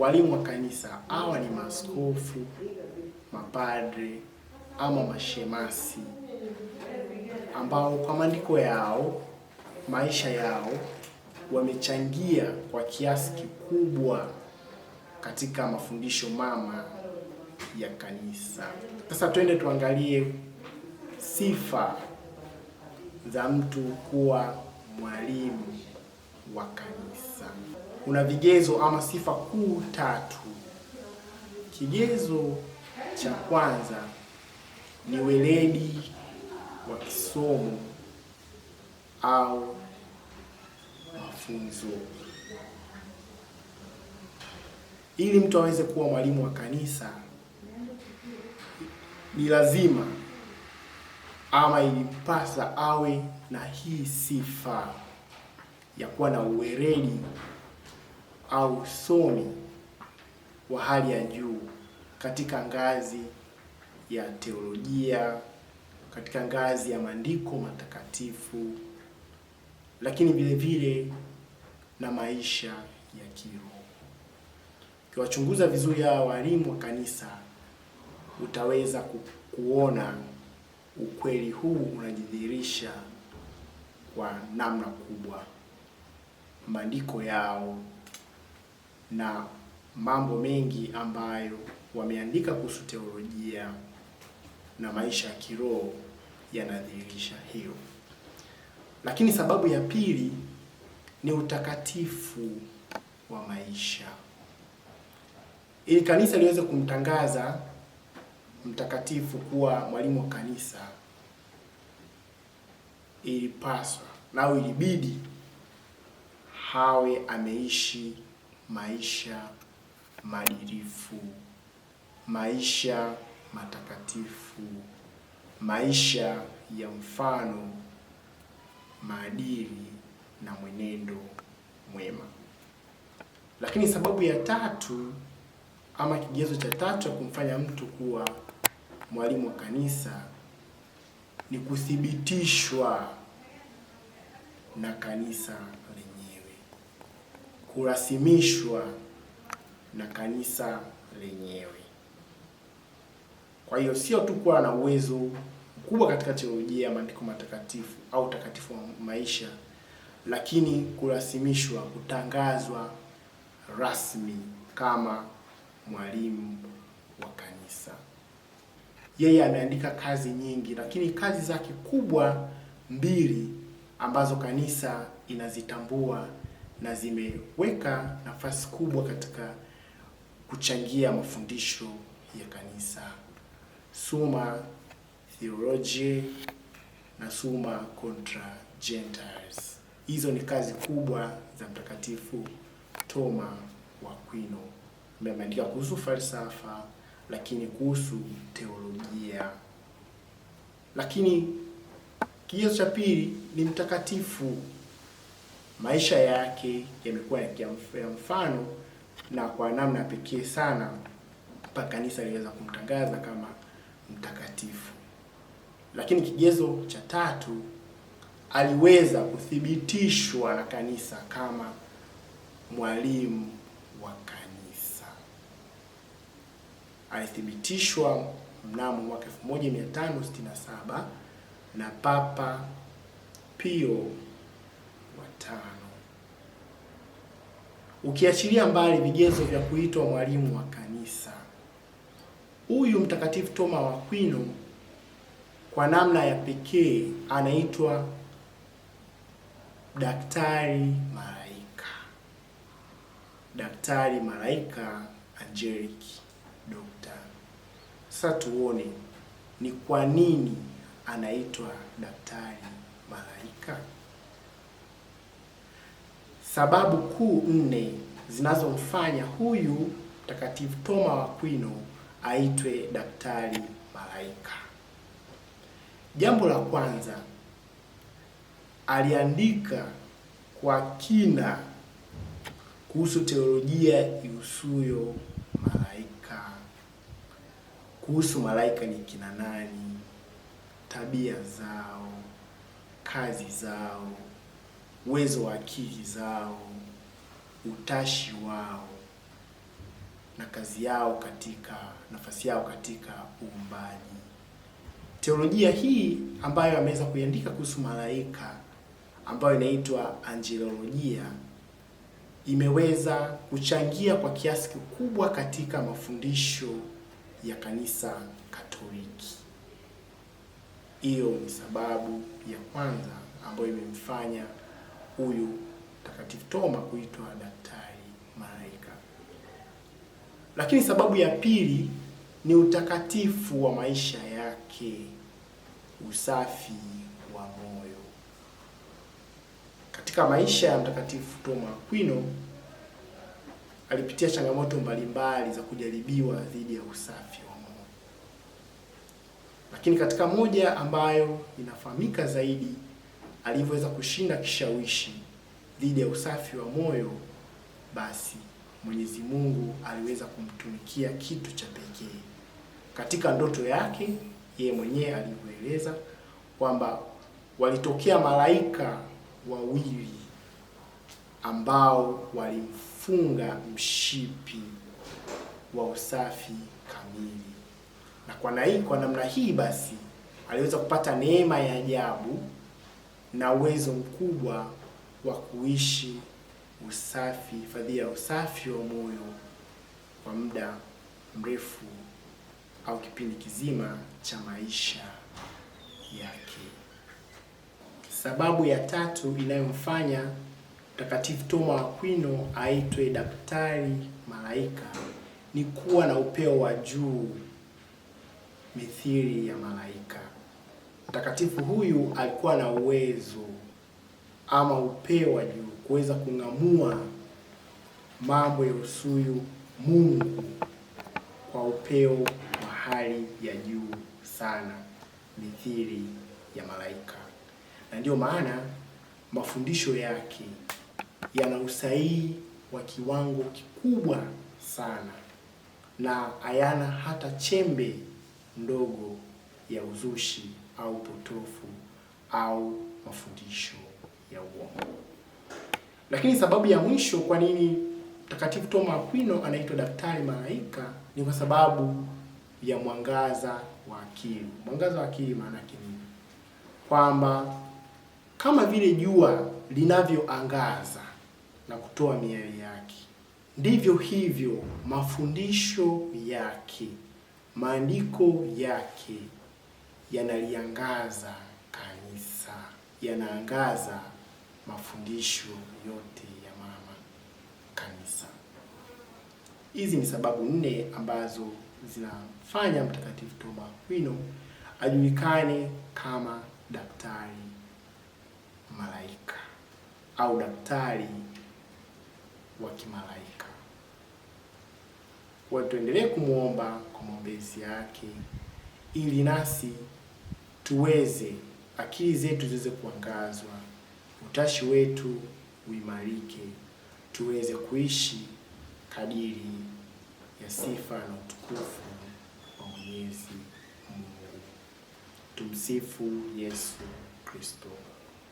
walimu wa kanisa hawa ni maaskofu, mapadre ama mashemasi ambao kwa maandiko yao, maisha yao wamechangia kwa kiasi kikubwa katika mafundisho mama ya kanisa. Sasa twende tuangalie sifa za mtu kuwa mwalimu wa kanisa una vigezo ama sifa kuu tatu. Kigezo cha kwanza ni weledi wa kisomo au mafunzo. Ili mtu aweze kuwa mwalimu wa kanisa, ni lazima ama ilipasa awe na hii sifa ya kuwa na uweledi au somi wa hali ya juu katika ngazi ya teolojia, katika ngazi ya maandiko matakatifu, lakini vile vile na maisha ya kiroho. Ukiwachunguza vizuri hawa walimu wa kanisa, utaweza kuona ukweli huu unajidhihirisha kwa namna kubwa. Maandiko yao na mambo mengi ambayo wameandika kuhusu teolojia na maisha ya kiroho yanadhihirisha hiyo. Lakini sababu ya pili ni utakatifu wa maisha. Ili kanisa liweze kumtangaza mtakatifu kuwa mwalimu wa kanisa, ilipaswa nao ilibidi hawe ameishi maisha madirifu, maisha matakatifu, maisha ya mfano, maadili na mwenendo mwema. Lakini sababu ya tatu ama kigezo cha tatu ya kumfanya mtu kuwa mwalimu wa kanisa ni kuthibitishwa na kanisa kurasimishwa na kanisa lenyewe. Kwa hiyo sio tu kuwa na uwezo mkubwa katika teolojia ya maandiko matakatifu au utakatifu wa maisha, lakini kurasimishwa, kutangazwa rasmi kama mwalimu wa kanisa. Yeye ameandika kazi nyingi, lakini kazi zake kubwa mbili ambazo kanisa inazitambua na zimeweka nafasi kubwa katika kuchangia mafundisho ya kanisa Summa Theologiae na Summa Contra Gentiles. Hizo ni kazi kubwa za Mtakatifu Toma wa Aquino ameandika kuhusu falsafa lakini kuhusu teolojia. Lakini kigezo cha pili ni mtakatifu maisha yake yamekuwa ya mfano na kwa namna pekee sana mpaka kanisa liweza kumtangaza kama mtakatifu. Lakini kigezo cha tatu, aliweza kuthibitishwa na kanisa kama mwalimu wa kanisa. Alithibitishwa mnamo mwaka 1567 na Papa Pio tano. Ukiachilia mbali vigezo vya kuitwa mwalimu wa kanisa, huyu Mtakatifu Toma wa Aquino kwa namna ya pekee anaitwa daktari malaika, daktari malaika, angelic doctor. Sasa tuone ni kwa nini anaitwa daktari malaika. Sababu kuu nne zinazomfanya huyu Mtakatifu Toma wa kwino aitwe daktari malaika. Jambo la kwanza, aliandika kwa kina kuhusu teolojia ihusuyo malaika, kuhusu malaika ni kina nani, tabia zao, kazi zao uwezo wa akili zao, utashi wao na kazi yao katika nafasi yao katika uumbaji. Teolojia hii ambayo ameweza kuiandika kuhusu malaika ambayo inaitwa angelolojia imeweza kuchangia kwa kiasi kikubwa katika mafundisho ya kanisa Katoliki. Hiyo ni sababu ya kwanza ambayo imemfanya huyu Mtakatifu Toma kuitwa daktari malaika. Lakini sababu ya pili ni utakatifu wa maisha yake, usafi wa moyo. Katika maisha ya Mtakatifu Toma Aquino alipitia changamoto mbalimbali za kujaribiwa dhidi ya usafi wa moyo, lakini katika moja ambayo inafahamika zaidi alivyoweza kushinda kishawishi dhidi ya usafi wa moyo, basi Mwenyezi Mungu aliweza kumtumikia kitu cha pekee katika ndoto yake. Yeye mwenyewe alivyoeleza kwamba walitokea malaika wawili ambao walimfunga mshipi wa usafi kamili, na kwa namna hii basi aliweza kupata neema ya ajabu na uwezo mkubwa wa kuishi usafi, fadhila ya usafi wa moyo kwa muda mrefu au kipindi kizima cha maisha yake. Sababu ya tatu inayomfanya Mtakatifu Toma wa Akwino aitwe daktari malaika ni kuwa na upeo wa juu mithili ya malaika mtakatifu huyu alikuwa na uwezo ama upeo wa juu kuweza kung'amua mambo ya usuyu Mungu kwa upeo wa hali ya juu sana mithili ya malaika, na ndiyo maana mafundisho yake yana usahihi wa kiwango kikubwa sana na hayana hata chembe ndogo ya uzushi au potofu au mafundisho ya uongo. Lakini sababu ya mwisho kwa nini Mtakatifu Toma Aquino anaitwa daktari malaika ni kwa sababu ya mwangaza wa akili. Mwangaza wa akili maana yake nini? Kwamba kama vile jua linavyoangaza na kutoa miale yake, ndivyo hivyo mafundisho yake, maandiko yake yanaliangaza kanisa, yanaangaza mafundisho yote ya mama kanisa. Hizi ni sababu nne ambazo zinafanya Mtakatifu Toma Aquino ajulikane kama daktari malaika au daktari wa kimalaika. Watuendelee kumwomba kwa maombezi yake ili nasi tuweze akili zetu ziweze kuangazwa, utashi wetu uimarike, tuweze kuishi kadiri ya sifa na utukufu wa Mwenyezi Mungu. Tumsifu Yesu Kristo.